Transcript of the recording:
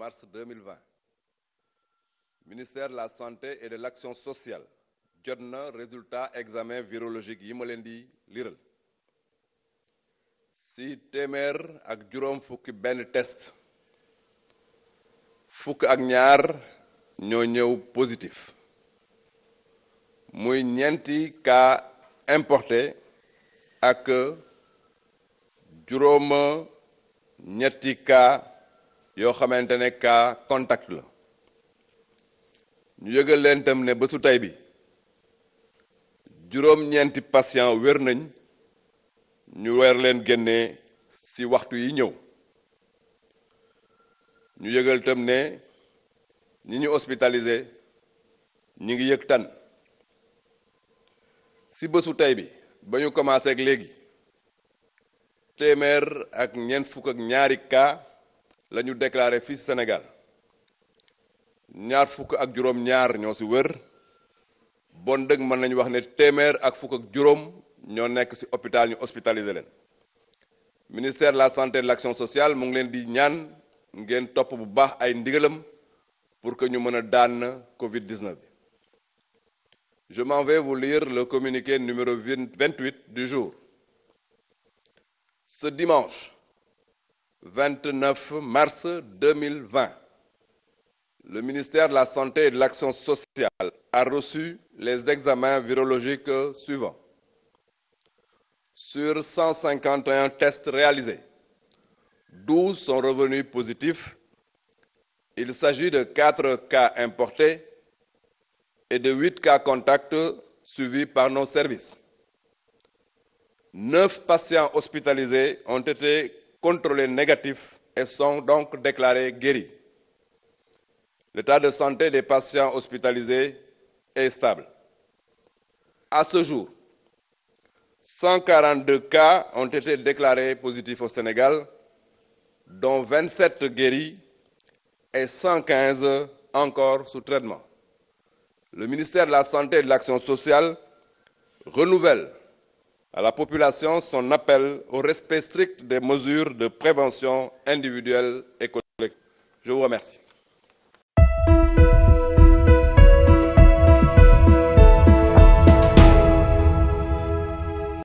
mars 2020 ministère de la santé et de l'action sociale Journal. Résultats résultat examen virologique yi ma si téeméer ak juróom fuk ben test fuk ak que positif muy nyenti cas importé ak juróoma ñetti cas yoo xamante ne kaa contact la ñu yëgal leen tam ne bésu tey bi juróom-ñeenti patient wér nañ ñu weer leen génnee ci waxtu yi ñëw ñu yëgal tam ne ñi ñu hospitalisé ñi ngi yëg tan ci bësu tey bi ba ñu commencé ak léegi téeméer ak ñeent fukk ak ñaari cas la ñu déclaré fils Sénégal ñaar fukk ak juróom-ñaar ñoo si wër bon dëgg mën nañu wax ne téeméer ak fukk ak juróom ñoo nekk si hôpital ñu ministère de la santé et de l'action sociale mu ngi leen di ñaan ngeen topp bu baax ay ndigalam pour que ñu mën a daan Covid 19 Je m'en vais vous lire le communiqué numéro 28 du jour. Ce dimanche. 29 mars 2020, le ministère de la Santé et de l'Action sociale a reçu les examens virologiques suivants. Sur 151 tests réalisés, 12 sont revenus positifs. Il s'agit de 4 cas importés et de 8 cas contacts suivis par nos services. 9 patients hospitalisés ont été contrôlés négatifs et sont donc déclarés guéris. L'état de santé des patients hospitalisés est stable. À ce jour, 142 cas ont été déclarés positifs au Sénégal, dont 27 guéris et 115 encore sous traitement. Le ministère de la Santé et de l'Action sociale renouvelle à la population son appel au respect strict des mesures de prévention individuelle et collective. Je vous remercie.